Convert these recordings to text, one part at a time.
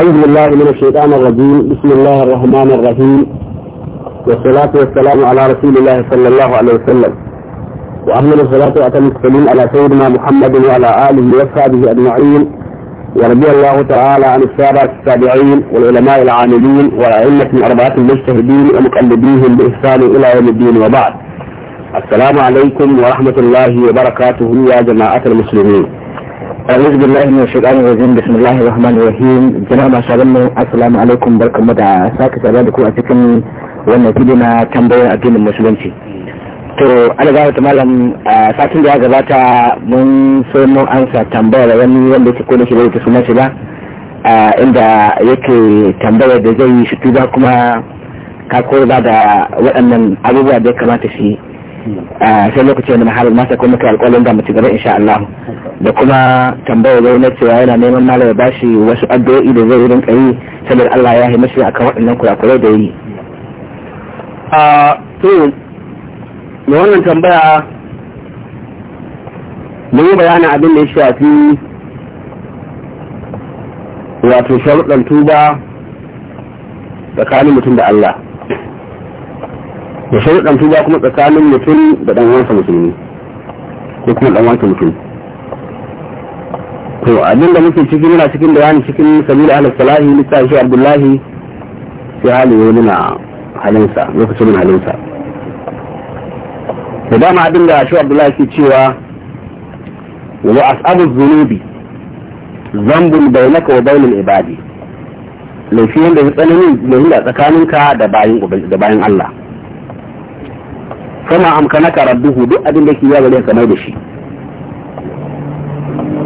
أعوذ بالله من الشيطان الرجيم بسم الله الرحمن الرحيم والصلاة والسلام على رسول الله صلى الله عليه وسلم وأهل الصلاة وأتم السليم على سيدنا محمد وعلى آله وصحبه أجمعين ورضي الله تعالى عن السادة التابعين والعلماء العاملين والأئمة الأربعة المجتهدين ومقلديهم بإحسان إلى يوم الدين وبعد السلام عليكم ورحمة الله وبركاته يا جماعة المسلمين أعوذ بالله من الشيطان الرجيم بسم الله الرحمن الرحيم جناب شغلنا السلام عليكم بركم مدى ساكي أبادكم أتكن وانا ما تنبير أدين المسلمين to ta malam a satin da ya gabata mun so mun tambayar wani wanda yake kone shi da yake suna ba inda yake tambayar da zai yi shi kuma ka da waɗannan abubuwa da ya kamata shi sai lokacin da mahalar masa kuma kai alƙalin da mu gaba insha Allah da kuma tambayar zai na cewa yana neman malam ya bashi wasu addu'o'i da zai rinka yi saboda Allah ya haimashi shi kan waɗannan kurakurai da yi a to da wannan tambaya mun yi bayana abin da ya shafi wato sharuɗan tuba tsakanin mutum da Allah da sharuɗan tuba kuma tsakanin mutum da ɗan wansa musulmi ko kuma ɗan wansa mutum to abin da muke ciki muna cikin da bayani cikin sabila ala salahi littafi abdullahi sai hali wani na halinsa lokacin mun halinsa da dama abin da shi abdullahi ke cewa wa as'abu zunubi zambun bainaka wa bainal ibadi laifi yadda ya tsanani laifi a tsakaninka da bayan Allah kuma amkanaka rabbuhu duk abin da ke yawa gare kamar da shi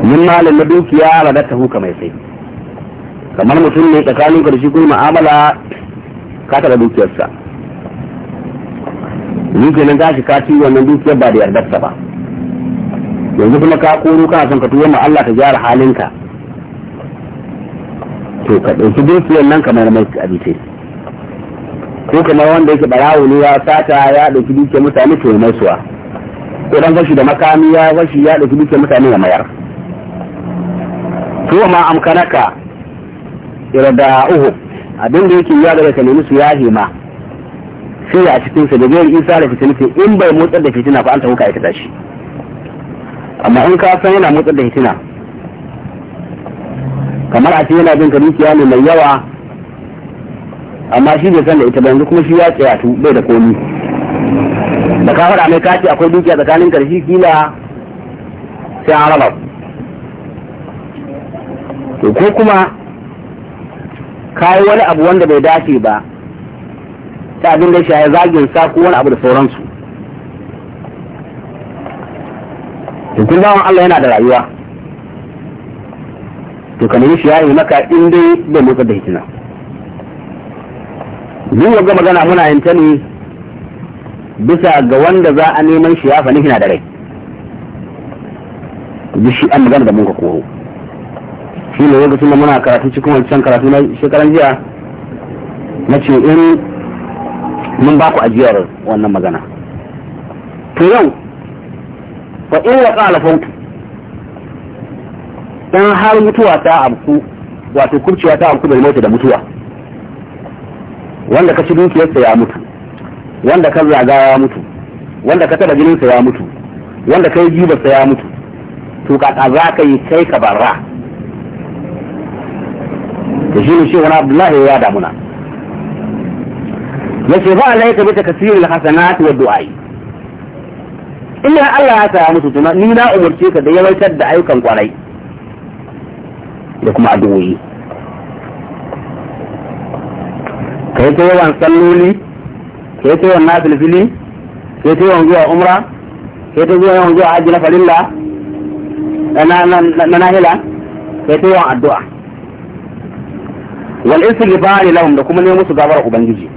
min malin na dukiya ta huka mai sai kamar mutum ne tsakanin shi kuma ma'amala ka taɓa dukiyarsa dukiyar nan tashi ka ci wannan dukiyar ba da yardarsa ba yanzu kuma ka koro kana son ka tuwo ma Allah ka gyara halinka to ka ɗauki dukiyar nan kamar mai abite ko kamar wanda yake barawo ne ya sata ya ɗauki dukiyar mutane to mai suwa ko dan fashi da makami ya fashi ya ɗauki dukiyar mutane ya mayar kuma ma amkanaka irada uhu abin da yake yiwa da ka nemi su yahe ma sai a cikin sa da zai isa da ce in bai motsar da fitina ba an ta huka aikata shi amma in ka san yana motsar da fitina kamar a ce yana bin ka dukiya ne mai yawa amma shi bai san da ita ba yanzu kuma shi ya tsayatu bai da komi da ka faɗa mai kaci akwai dukiya tsakanin karshe kila sai an raba to ko kuma kawo wani abu wanda bai dace ba ta abin da shaye zagin sa ko wani abu da sauransu to kun bawan Allah yana da rayuwa to ka nemi shi ya maka in dai bai motsa da hikima mun ga magana muna yin ta ne bisa ga wanda za a neman shi ya fa na da rai duk shi an magana da mun ka koro shi ne lokacin da muna karatu cikin wancan karatu na shekaran jiya na ce in mun ba ku ajiyar wannan magana to yau fa in ya qala fauki dan har mutuwa ta amku wato kurciwa ta amku bai mota da mutuwa wanda ka ci dukiyarsa ya mutu wanda ka zaga ya mutu wanda ka taba jininsa ya mutu wanda ka yi jibarsa ya mutu to ka za ka yi kai ka barra da shi ne shehuna abdullahi ya damuna ya ce ba Allah ya tabi takasirul hasanat wa du'ai illa Allah ya saya musu tuna ni na umarce ka da yawaitar da ayyukan kwarai da kuma addu'o'i kai ta yawan salloli kai ta yawan nafilfili kai ta yawan zuwa umra kai ta yawan zuwa hajji na farilla na nahila kai ta yawan addu'a wal istighfar lahum da kuma ne su gabar ubangiji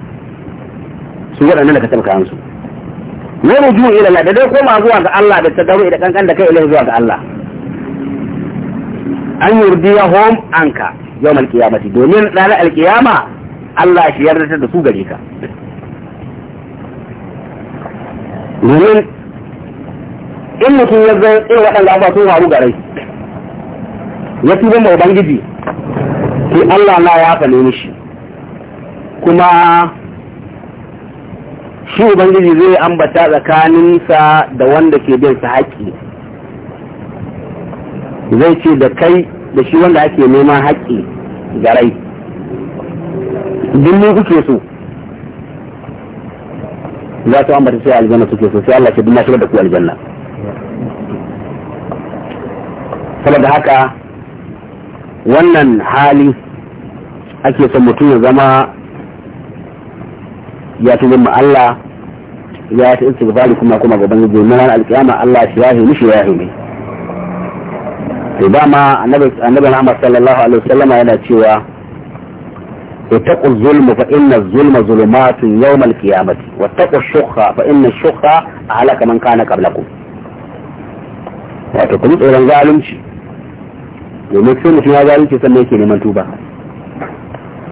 su waɗannan da ka tabbata musu wa ruju ila Allah da dai koma zuwa ga Allah da tadarru da kankan da kai ilahi zuwa ga Allah an yurdiyahum anka yawmal qiyamati domin ranar alqiyama Allah shi yarda da su gare ka domin in mutum ya zai irin waɗanda abubuwa sun faru gare ya tuba ma ubangiji shi Allah na ya fane mishi kuma shi ubangiji zai ambata tsakaninsa da wanda ke bin sa haƙƙi zai ce da kai da shi wanda ake neman haƙƙi garai dillin kuke so za su ambata sai aljanna suke so sai Allah ce dinna da ku aljanna saboda haka wannan hali ake son mutum ya zama ya tuba ma Allah ya ta istighfari kuma kuma gaban gobe na ranar alƙiyama Allah shi yahi shi ya ne to dama annabi Muhammad sallallahu alaihi wasallama yana cewa واتقوا الظلم فإن الظلم ظلمات يوم القيامة واتقوا الشخ فإن الشخ أهلك من كان قبلكم wato kuma tsoron zalunci domin sai mutum ya zalunci sannan yake neman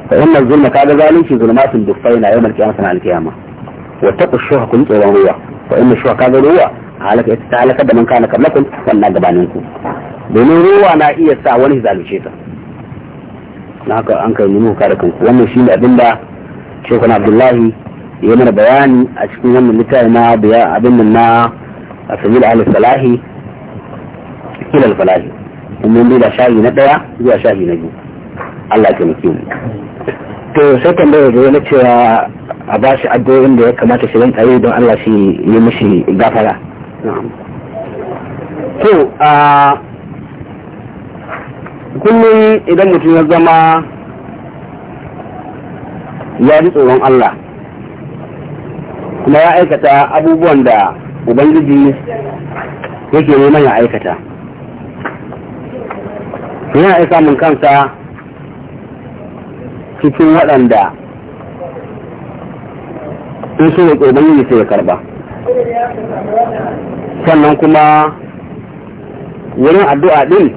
fa inna zulma kaga zalunci zulmatun dufaina yawmal qiyamah sana al-qiyamah wa taqu shuha kun tsoron ruwa fa inna shuha kaga ruwa halaka ta halaka da man kana kablakum wannan gabanin ku domin ruwa na iya sa wani zalunce ta na haka an kai nemi ka kanku wannan shine abin da shekun abdullahi ya mana bayani a cikin wannan littafi na biya abin nan na asabil ahli salahi ila al falahi mun bi da shahi na daya zuwa shahi na biyu Allah ya taimake mu to sai tambayar da na cewa a ba shi addu'o'in da ya kamata shi rinka yi don Allah shi yi mishi gafara to a kullum idan mutum ya zama ya ji tsoron Allah kuma ya aikata abubuwan da ubangiji yake neman ya aikata yana iya samun kansa cikin waɗanda in su roƙi yi sai ya karba sannan kuma wurin addu'a ɗin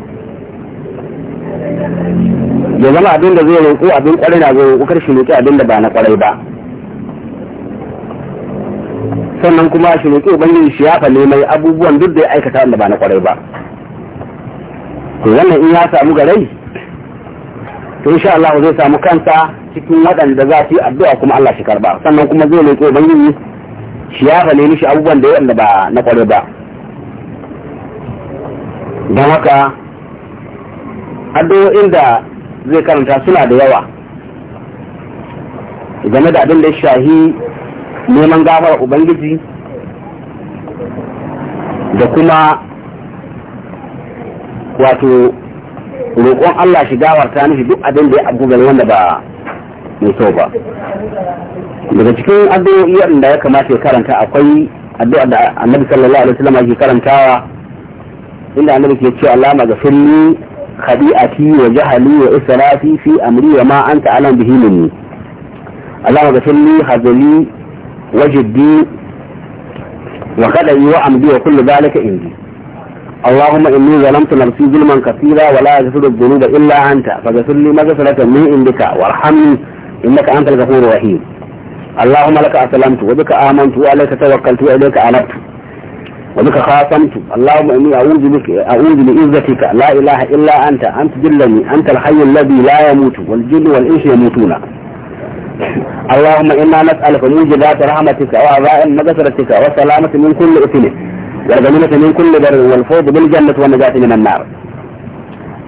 ya zama abin da zai roƙo abin ƙwarai na zai roƙo karshe roƙe abin da ba na ƙwarai ba sannan kuma shi ban yi shi yafa mai abubuwan duk da ya aikata wanda ba na ƙwarai ba to wannan in ya samu garai to insha Allah zai samu kansa cikin waɗanda za su yi addu'a kuma Allah shi karba sannan kuma zai leƙo ubangiji shi ya fale mishi abubuwan da yanda ba na kware ba Da haka addu'o'in da zai karanta suna da yawa game da abin da shahi neman gafara ubangiji da kuma wato roƙon Allah shi gawarta mishi duk abin da ya abubuwan wanda ba mai so ba daga cikin addu'o'i da ya kamata ya karanta akwai addu'a da annabi sallallahu alaihi wasallam yake karantawa inda annabi ke cewa Allahumma ghafirli khadi'ati wa jahali wa israfi fi amri wa ma anta alam bihi minni ga ghafirli hazali wa jiddi wa yi wa amdi wa kullu dhalika indi اللهم إني ظلمت نفسي ظلما كثيرا ولا اغفر الذنوب إلا أنت فاغفر لي مغفرة من عندك وارحمني إنك أنت الغفور الرحيم اللهم لك أسلمت وبك آمنت وعليك توكلت وإليك أنبت وبك خاصمت اللهم إني أعوذ بك أعوذ بعزتك لا إله إلا أنت أنت جلني أنت الحي الذي لا يموت والجن والإنس يموتون اللهم إنا نسألك موجبات رحمتك وعظائم مغفرتك وسلامه من كل إثم والغنيمة من كل بر والفوز بالجنة والنجاة من النار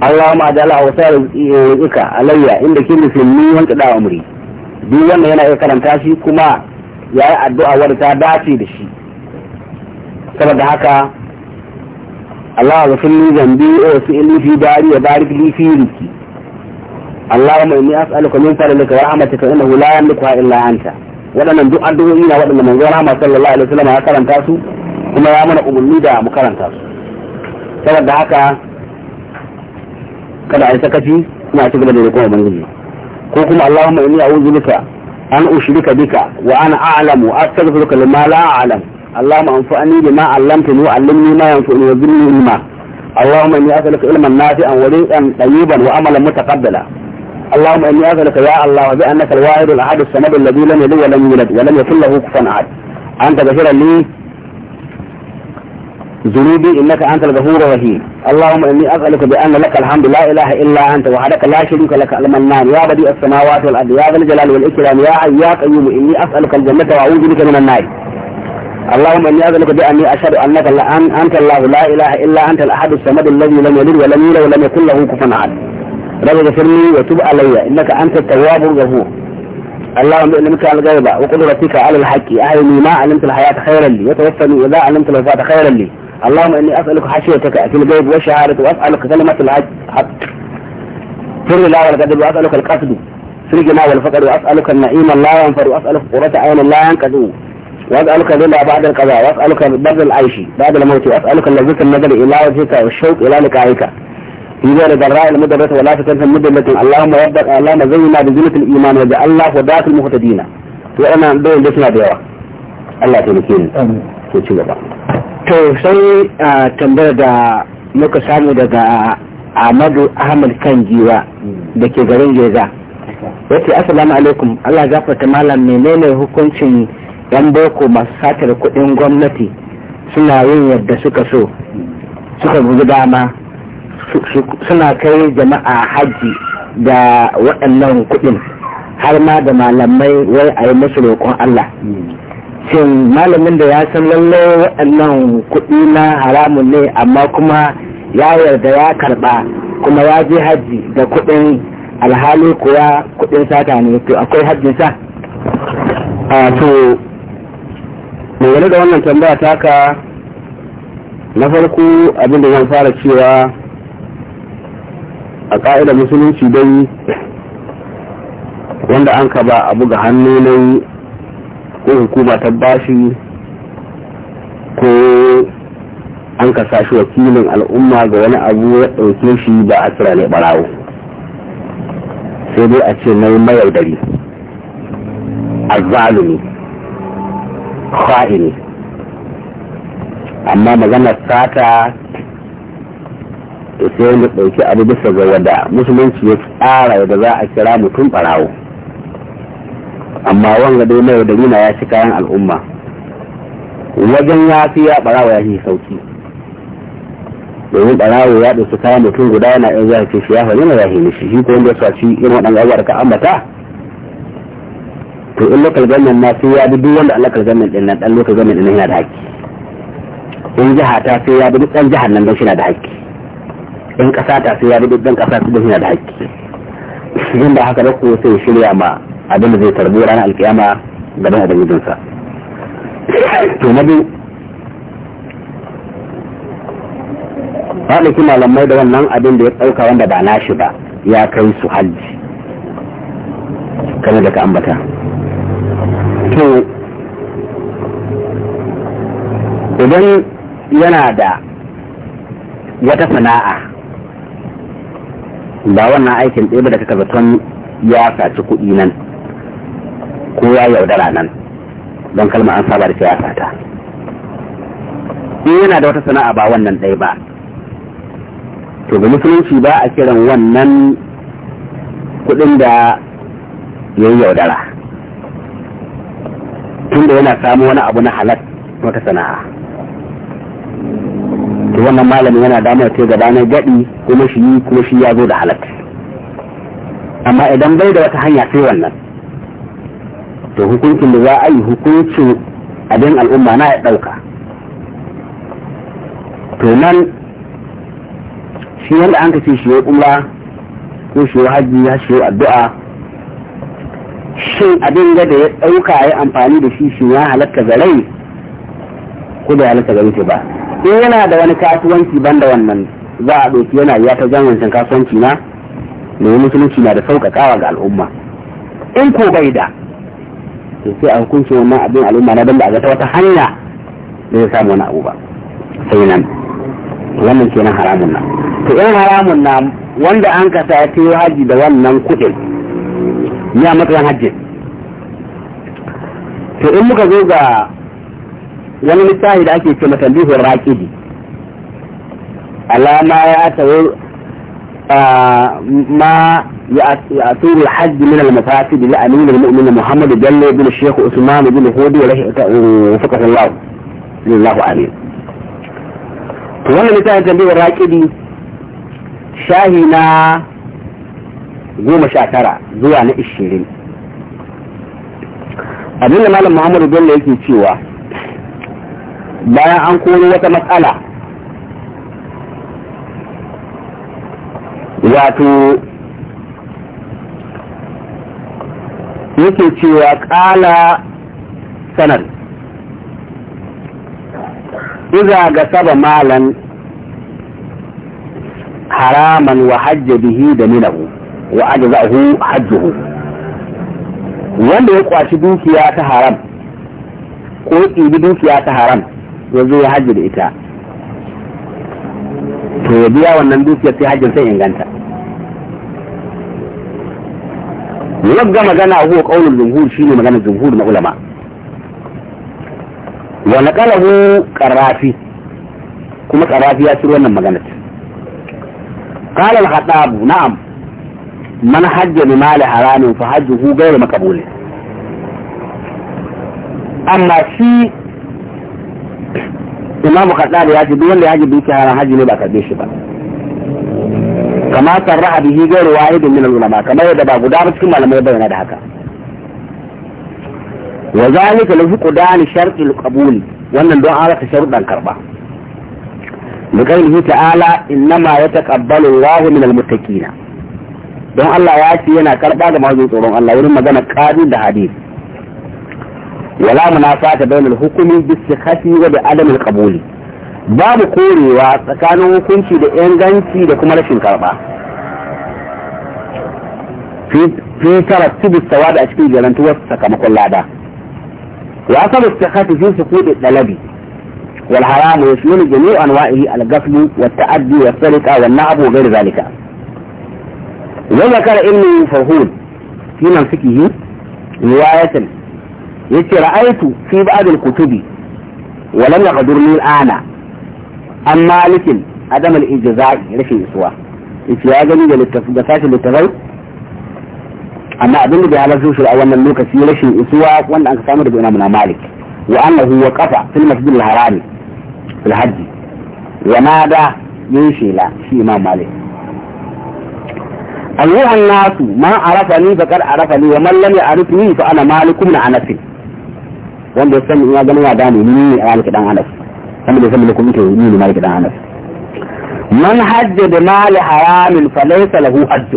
اللهم اجعل اوصالك علي عند كل سني وانقضاء عمري duk wanda yana iya karanta shi kuma ya yi addu'a wadda ta dace da shi da haka Allah ga sunni zambi o su ili fi dari ya barik li fi riki Allahumma inni as'aluka min fadlika wa rahmatika innahu la yamliku illa anta wadannan duk addu'o'i na waɗanda manzo Rahama ya karanta su kuma ya mana umarni da mu karanta su saboda haka kada a yi sakaci kuma a ci gaba da rikon ubangiji ko kuma allahumma inni a'udhu bika an ushrika bika wa ana a'lamu astaghfiruka lima la a'lam allahumma anfa'ni bima 'allamtani wa 'allimni ma yanfa'uni wa zidni ilma اللهم اني اسالك علما نافعا ورزقا طيبا وعملا متقبلا اللهم اني اسالك يا الله بانك الواحد الاحد الصمد الذي لم يلد ولم يولد ولم يكن له كفوا احد انت غفر لي ذنوبي إنك أنت الغفور الرحيم اللهم إني أسألك بأن لك الحمد لا إله إلا أنت وحدك لا شريك لك المنان يا بديع السماوات والأرض يا ذا الجلال والإكرام يا حي يا قيوم إني أسألك الجنة وأعوذ بك من النار اللهم إني أسألك بأني أشهد أنك لأن أنت الله لا إله إلا أنت الأحد الصمد الذي لم يلد ولم يولد ولم يكن له كفوا أحد رب اغفر لي وتب علي إنك أنت التواب الغفور اللهم علمك على الغيبة وقدرتك على الحق أعلمي ما علمت الحياة خيرا لي وتوفني إذا علمت الوفاة خيرا لي اللهم إني أسألك حشيتك في البيت والشهادة وأسألك كلمة الحج حق فر لا والكذب وأسألك القصد في الجماع والفقر وأسألك النعيم لا ينفر وأسألك قرة عين لا ينقذ وأسألك ذلة بعد القضاء وأسألك بر العيش بعد الموت وأسألك لذة النظر إلى وجهك والشوق إلى لقائك في ذلك الدراء المدبرة ولا تكلف المدبرة اللهم ربك اللهم زينا بزينة الإيمان وجعل الله هداة المهتدين وأنا بين دسنا بيوا الله تنكين آمين to sai a tambayar da muka samu daga Amadu ahmad kan giwa da ke garin geza yace assalamu alaikum allah zafata malam menene hukuncin yan boko masu satar kuɗin gwamnati suna yin yadda suka so suka guji dama suna kai jama'a hajji da waɗannan kuɗin har ma da malamai wai a yi musu roƙon allah shin malamin da ya san lallai waɗannan kuɗi na haramun ne amma kuma ya yarda ya karɓa kuma ya je hajji da kuɗin alhali kuwa kuɗin sata ne to akwai hajjinsa? a to dangane da wannan tambaya taka na farko abinda zan fara cewa a ƙa'idar musulunci dai wanda an ka ba abu ga hannu na ko hukuma ta bashi ko an kasa shi wakilin al'umma ga wani abu ya ɗauke shi ba a tsira ne ɓarawo sai dai a ce nai mayaudari azzalumi ne amma maganar sata to sai wanda ɗauki abu bisa ga wada musulunci ya tsara da za a kira mutum ɓarawo amma wanga dai mai da rina ya ci kayan al'umma wajen ya fi ya barawa ya yi sauki domin barawa ya ɗauki kayan mutum guda yana yin zai ce shi ya fahimta ya hini shi shi ko wanda ya shi irin waɗanda abubuwa da ka ambata to in lokal gannan na sai ya bi duk wanda Allah gannan din nan dan lokal gannan din yana da haƙƙi in jiha ta sai ya bi duk dan jihar nan don shi na da haƙƙi in ƙasa ta sai ya bi duk dan ƙasa don shi na da haƙƙi yin da haka da ko sai shirya ma Abinda zai tarbi ranar alkiyama gaban ubangijinsa to na biyu ta malamai da wannan abin da ya ɗauka wanda ba na shi ba ya kai su hajji kamar da ka ambata to idan yana da wata sana'a ba wannan aikin ɗaya da kaka zaton ya saci kuɗi nan ko ya yaudara nan don kalma an saba da siyasa ta in yana da wata sana'a ba wannan ɗaya ba to ga musulunci ba a kiran wannan kuɗin da ya yi yaudara tunda yana samu wani abu na halat wata sana'a to wannan malami yana damar gaba na gaɗi kuma shi kuma shi ya zo da halat amma idan bai da wata hanya sai wannan to hukuncin da za a yi hukuncin abin al'umma na ya ɗauka to nan shi wanda an kace shi yau umra ko shi hajji ya shi addu'a shin abin da ya ɗauka ya amfani da shi shi ya halatta rai, ko da ya halatta gare ba in yana da wani kasuwanci banda wannan za a ɗauki yana ya ta zamancin kasuwanci na mai musulunci na da sauƙaƙawa ga al'umma in ko bai da to sai an kunce wannan abin al'umma na dan a ga ta wata hanya da ya samu wani abu ba sai nan wannan ke nan haramun nan to in haramun na wanda an kasa ya ta haji da wannan kuɗin ya matsayin hajji to in muka zo ga wani littafi da ake ce mata bihun raƙidi alama ya ta ah, ma يأتون الحج من المفاتد لأمين المؤمن محمد جل بن الشيخ أثمان بن هودي وفقه الله لله أمين وانا نتاين تنبيه الراكدي شاهنا قوم شاكرا زوان الشيرين أدلنا مال محمد جل يكي تيوا بايا أنكون وتمسألة واتو yake cewa kala sanar iza ga saba malan haraman wa hajji bihi da minahu wa ajza'uhu hajjuhu wanda ya kwashi dukiya ta haram ko ɗibi dukiya ta haram ya zo ya hajji da ita to ya biya wannan dukiyar sai hajjin sai inganta wagga magana huwa qaulul jumhur shine magana jumhur na ulama wa naqalahu qarafi kuma qarafi ya ciro wannan magana قال الخطاب نعم من حج بمال حرام فحجه غير مقبول amma shi imamu kaɗa da ya ji duk wanda ya ji dukiya ran hajji ne ba karbe shi ba kama sarraha bihi gairu wahidin min ulama kamar yadda ba guda ba cikin malamai bayyana da haka wa zalika la fuqdan shartu al-qabul wannan don an rasa sharuɗan karba bi qawlihi ta'ala innama yataqabbalu Allahu min al-muttaqina don Allah ya ce yana karba da masu tsoron Allah wurin magana qadi da hadisi wala munafata bainal hukumi bi sihhati wa bi adam al-qabuli babu korewa tsakanin hukunci da inganci da kuma rashin karba fi tarattubu sawad a cikin garantuwar sakamakon lada wa asabu istikhati fi suqudi dalabi wal haram yashmulu jami'u anwa'ihi al ghasl wa ta'addi wa sariqa wa na'bu wa ghayr zalika wa zakara ibn farhud fi mansikihi riwayatan yace ra'aytu fi ba'd al kutubi wa lam yaqdurni al ana an malikin adam al rashin isuwa yace ya gani da littafi da sashi littafai amma abinda da bai halarta shi a wannan lokaci rashin isuwa wanda an samu daga Imam Malik wa an na annahu waqafa fil masjid al-harami fil hajj wa nada yin shela shi Imam Malik ayyuha an-nas ma arafani faqad arafani wa man lam ya'rifni fa ana Malik na Anas wanda ya sani ina ganin ya dani ni ne Malik dan Anas wanda bai san da kuma yake yi ne malik dan anas man hajja da mali haramin fa laysa lahu hajj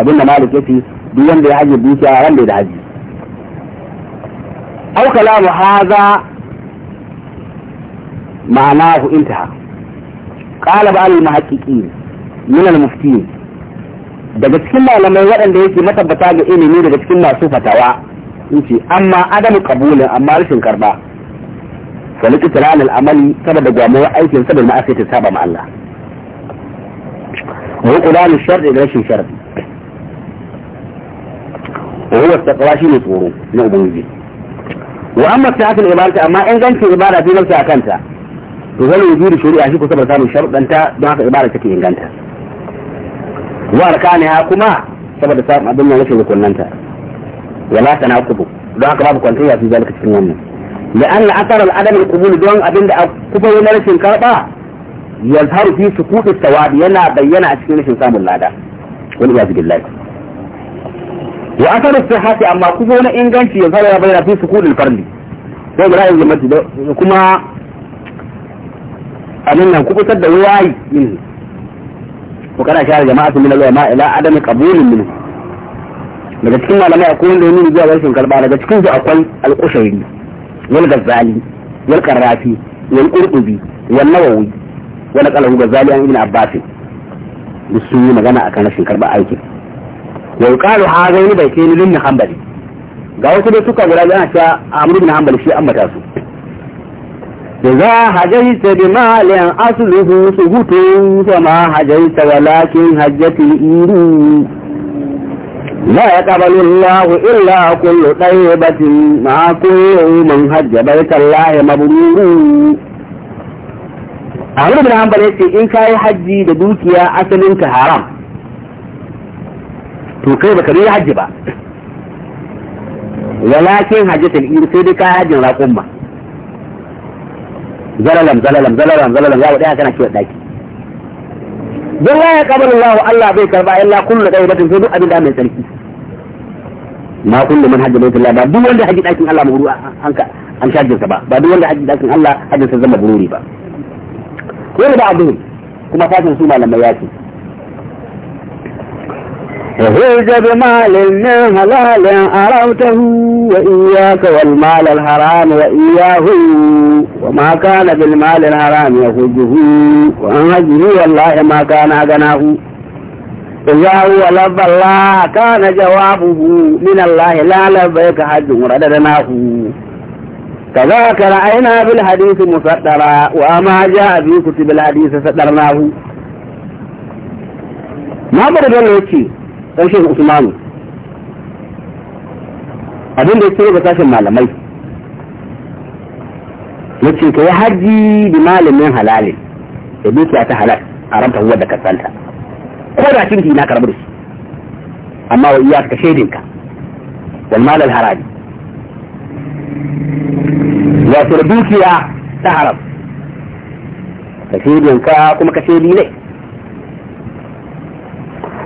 abinda malik yace duk wanda ya hajji dukiya ran bai da hajji aw kalamu hadha ma'anahu intaha qala ba'al al-muhaqqiqin min al-muftin daga cikin malamai waɗanda yake matabbata ga ilimi daga cikin masu fatawa in ce amma adamu qabulin amma rashin karba wani kitara alal amali saboda da gwamo aikin sabon ma aka saba Allah wani kula da sharɗi da rashin sharɗi wani wasu takawa shi ne tsoro na ubangiji wa amma ta hakan ibadata amma ingancin ibada fi nafsa a kanta to zai yi jiri a shi kusa ba samun sharɗanta don haka ibada take inganta wa arkani ha kuma saboda samun abin da rashin rukunnanta wala tanakubu don haka babu kwantar yafi zalika cikin wannan لأن أثر عدم القبول دون أبن كفر ونرش كربا يظهر في سقوط الثواب ينا بينا أشكين شنسام اللادا والعياذ بالله وأثر الصحة أما كفر إنجان يظهر بينا في سقوط الفرد sai da yanzu mace da kuma abin nan kubutar da ruwayi min ko kana share jama'a min al ma ila adam qabulin min daga cikin malamai akwai wanda ya nuna zuwa rashin daga cikin su akwai wal gazali wal qarrafi wal qurtubi wal nawawi wal qalahu gazali an ibn abbas duk sun yi magana akan rashin karba aiki wa yuqalu hadaini baytaini lin hanbali ga wasu da suka guda yana cewa amr ibn hanbali shi ambata su إذا حجيت بمال أصله سهوت فما حجيت ولكن هجت الإيمان لا يقبل الله إلا كل طيبة مع كل من حج بيت الله مبرور Ahmadu bin Hanbal ya ce in kayi hajji da dukiya asalin ka haram to kai baka yi hajji ba walakin hajjatul ir sai dai kayi hajjin raƙumma zalalam zalalam zalalam zalalam za don la ya kabar Allah Allah bai karba illa kullu daidatin batin duk abin da mai sarki ma kullu man hajja baitullah ba duk wanda haji dakin Allah mahuru an ka an shajinsa ba ba duk wanda haji dakin Allah hajinsa zama bururi ba ko da abin kuma fatin su malamai yake وفوز بمال من حلال أرمته وإياك والمال الحرام وإياه وما كان بالمال الحرام يخرجه وأنهجه والله ما كان أغناه إذا هو لب الله كان جوابه من الله لا لبيك حج مرددناه كذاك رأينا بالحديث مسطرا وما جاء في كتب الحديث سطرناه ما برد الله dan shehu usmanu abinda ya ce ga sashen malamai ya ce ka yi hajji da malamin halalin da duka ta halal a ranta huwa da kasanta ko da cinki na karbar shi amma wa iyaka shaidinka wal malal haraji wato dukiya ta haram ka shaidinka kuma ka shaidi ne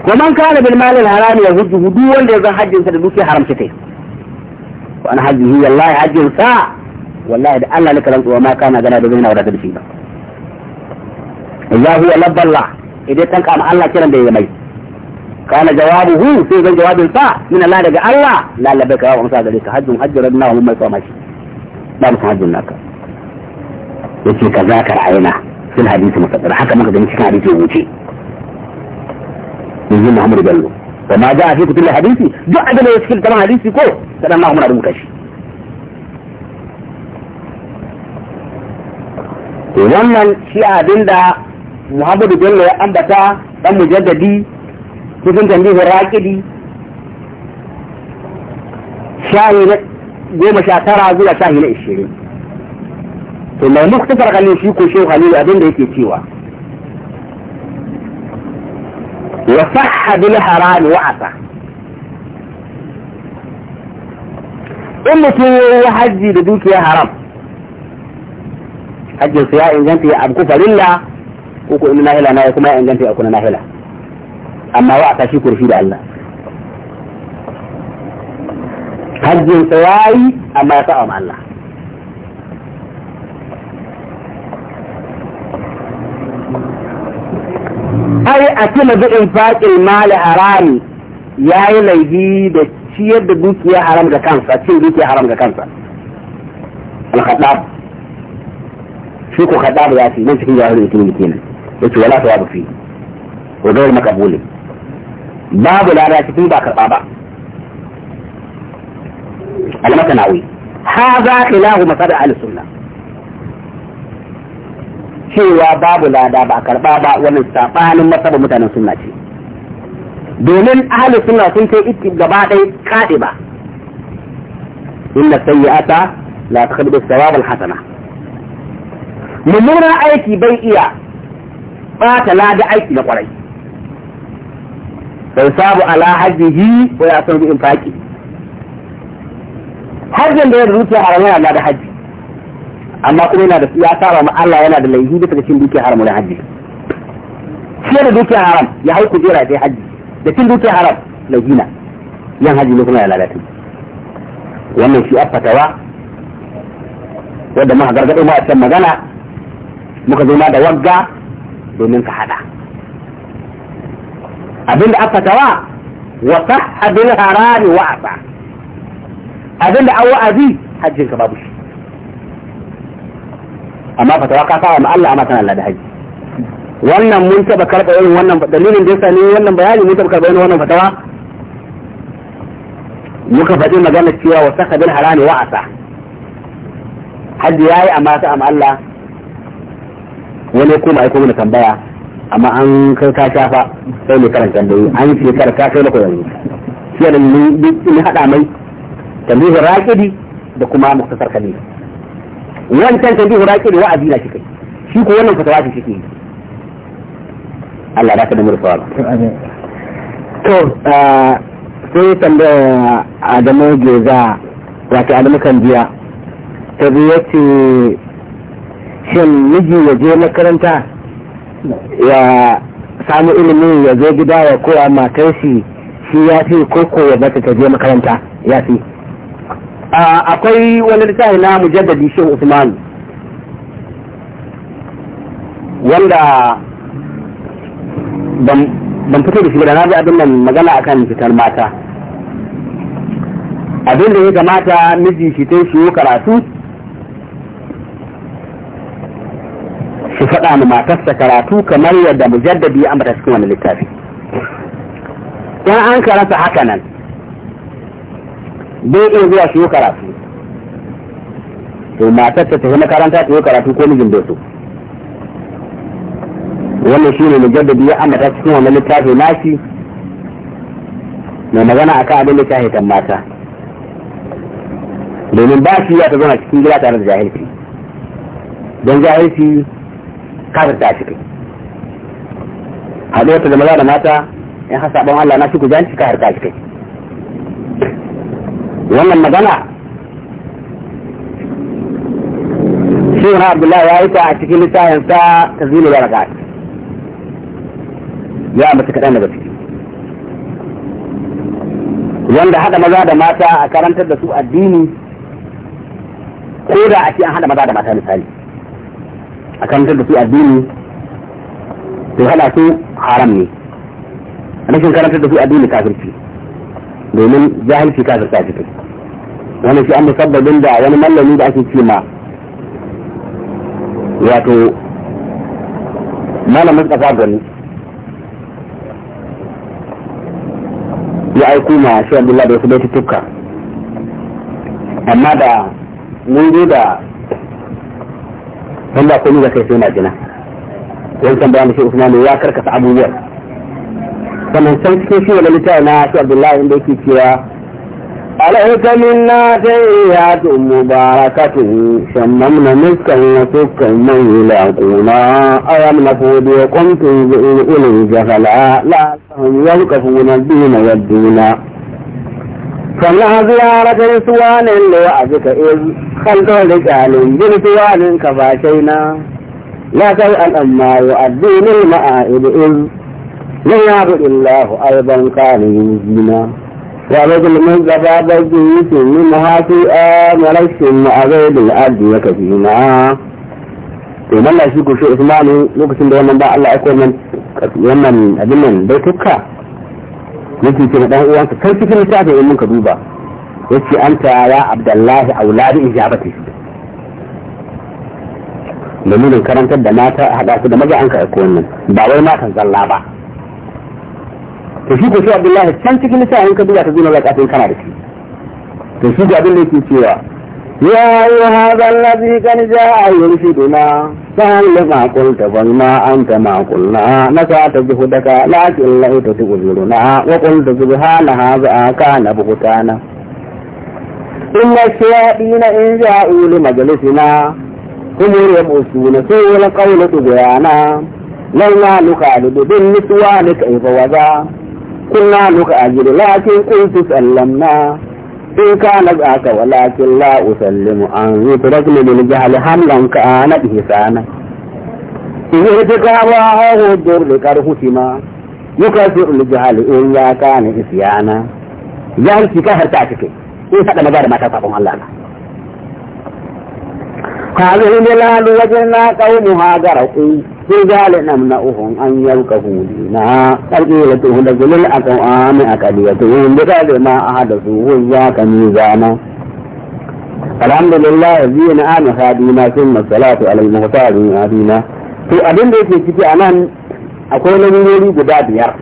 wa man kana bil mal al haram ya hujju duk wanda ya zan hajjin sa da dukiya haramta kai wa an hajjihi wallahi hajjin sa wallahi da Allah nika rantsuwa ma kana gana da zaina wadatar shi ba Allahu ya laballa idan kan kama Allah kiran da ya mai kana jawabuhu sai zan jawabin sa min Allah daga Allah la labbaika wa amsa gare ka hajjun hajjaran na mun mai tsama shi ba mu hajjun naka yace kaza ka ra'ayina fil hadisi mutaqaddim haka muka gani cikin hadisi wuce yi Muhammad Bello wa ma ja fi kutubul hadisi duk abin da ya cikin kamar hadisi ko sadan na muna rubuta shi to wannan shi abin da Muhammad Bello ya ambata dan mujaddadi cikin tambihin raqidi shayi na goma sha tara zuwa shayi na ishirin to mai muktasar kalin shi ko shehu halilu abin da yake cewa wa sahha bil haram wa asa in hajji da dukiyar haram hajjin su ya inganta ya abu farilla ko ko inna kuma ya inganta ya kuna nahila amma wa aka shi kurfi da Allah hajjin sa yayi amma ya sa'a Allah atila bi infaqil mali harami yayi laifi da ciyar da dukiya haram ga kansa cin dukiya haram ga kansa al-khattab shi ko khattab ya ce nan cikin jahilin mutum kenan yace wala thawabu fi wa ghayr maqbul babu lada cikin ba karba ba al-matanawi hadha khilahu masada al-sunnah cewa babu lada ba karba ba wannan sabanin masaba mutanen sunna ce domin ahli sunna sun kai iki gaba dai kaɗe ba inna sayyi'ata la takhbidu thawab alhasana hasana mummuna aiki bai iya bata lada aiki na kwarai bai sabu ala hajjihi ko ya san bi infaki hajjin da ya rubuta haramun Allah da hajji amma kuma yana da ya saba ma Allah yana da laifi bisa da cin dukiyar haram wani hajji shi da dukiyar haram ya hau kujera sai hajji da cin dukiyar haram laifi na yan hajji ne kuma ya lalata wannan shi affatawa wanda muka gargaɗo ma a can magana muka zo ma da wagga domin ka hada abinda affatawa wa sahha abin harami wa'asa abinda an wa'azi hajjin ka babu shi amma fatawa ka saba ma Allah amma tana Allah da haji wannan mun taba karɓa irin wannan dalilin da yasa ni wannan bayani mun taba karɓa irin wannan fatawa muka faɗi magana cewa wa saka bil harami wa asa haji yayi amma ta amma Allah wani kuma ai kuma tambaya amma an kai ka shafa sai mai karanta da an ce karka sai mako yanzu shi ne ni ni hada mai tambihin raqidi da kuma muktasar kabir wancan kan bihu raƙi da wa'azi na shi shi ko wannan fatawa shi shi Allah ba ka da murfa ba to sai tambaya Adamu Geza wato Adamu biya ta zo ya ce shin miji ya je makaranta ya samu ilimi ya zo gida ya koya matar shi shi ya fi koko ya bata ta je makaranta ya fi akwai wani littafi na mujaddadi shehu usman wanda ban fito da shi da na bi abin nan magana akan fitar mata abin da ya kamata miji shi ta shi karatu shi faɗa ma matarsa karatu kamar yadda mujaddadi ya amata cikin wani littafi yan an karanta haka nan bai iya zuwa shi karatu to matar ta tafi makaranta ta yi karatu ko mijin bai so wannan shi ne mujaddadi ya ambata cikin wannan littafi nashi mai magana akan abin da shahitan mata domin ba shi ya ta zama cikin gida tare da jahilci don jahilci kafin ta shi kai haɗuwar ta da maza da mata in hasa ban Allah na shi ku janci ka harka shi kai wannan magana shirin abdullahi ya yi ta a cikin littayensa ta zini raka ya mace kaɗan daga ciki wanda haɗa maza da mata a karantar da su addini ko da a ce an haɗa maza da mata misali a karantar da su addini to haɗa su haram ne rashin karantar da su addini kafirci domin jahilci a cikin wani shi an musabbabin da wani mallami da ake cima ma wato malamin ƙasa gani ya aiko ma shi abdullahi da wasu tuka amma da mun zo da wanda komai da kai sai majina wani wancan bayan da shi usmanu ya karkasa abubuwan sannan can cikin shi wani littafi na shi abdullahi inda yake cewa alaika min na ya tumu ba ka tu sannan na miskan na sukan yi la kuma ayan na fode kwamta yi zai yi ilin jahala la san yau ka funa dina ya a ziyara ta yi suwanin da a zika iz kanto da kyalin jin suwanin ka ba shai an amma yi addinin ma'a idu iz lai ya fi illahu alban kanin yin dina ورجل من زفى بيته في منها في مرش مع a الأرض وكفي معاه idan da shi ku shi Usmanu lokacin da wannan ba Allah ya nan wannan abin nan bai tukka yake ce dan uwansa kai cikin littafin in ka duba yace anta ya Abdullahi auladi ijabati domin karantar da mata hada su da maza an ka aiko wannan ba wai matan zalla ba to shi ko sai Abdullahi can cikin lissafi in ka duba ta zuna da kafin kana da shi to shi ga abin da yake cewa ya ayu hadha allazi kan jaa yurshiduna sahal ma qulta wa ma anta ma qulna nasata bihudaka lakin la tutuzuruna wa qultu subhana hadha kana buhtana inna shayatina in jaa'u li majlisina kum yarmusuna sawla qawlatu bayana lawla lukalu bin niswani kayfa wadaa kunna luka ajiru lakin kuntu sallamna in ka kana zaka walakin la usallimu an zutrak na. jahli hamlan kana ihsana da karhu hu ma yuka yukasir lil jihali in ya na. kana isyana jahli ka harta take in sada magana mata sakon Allah na قالوا بلال وجدنا قومها غرقوا بذلك نمنعهم أن يلقفوا دينا فقيلته لقل الأقوام أكديتهم بغير ما أحدثوه ذاك ميزانا الحمد لله الذين آمن خادينا ثم الصلاة على المحتاج من to في da yake ciki a nan akwai lalurori guda biyar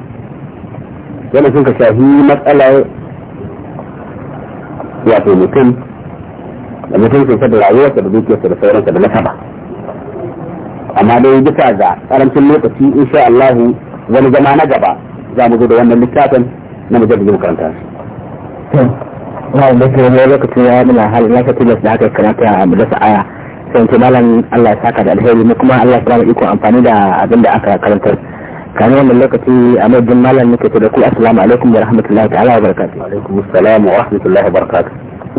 yana sun ka shafi matsalar wato mutum da mutuncinsa da rayuwarsa da dukiyarsa da sauransa da nasaba amma dai bisa ga karancin lokaci insha Allah wani zama na gaba za mu zo da wannan littafin na mu jaddada makaranta na da ke ne lokacin ya muna hali na ka tilas da aka karanta a madrasa aya sai ce malam Allah ya saka da alheri mu kuma Allah ya samu iko amfani da abin da aka karanta kamar wannan lokaci a madadin malam nake ce da ku assalamu alaikum wa rahmatullahi ta'ala wa barakatuh wa alaikum assalam wa rahmatullahi wa barakatuh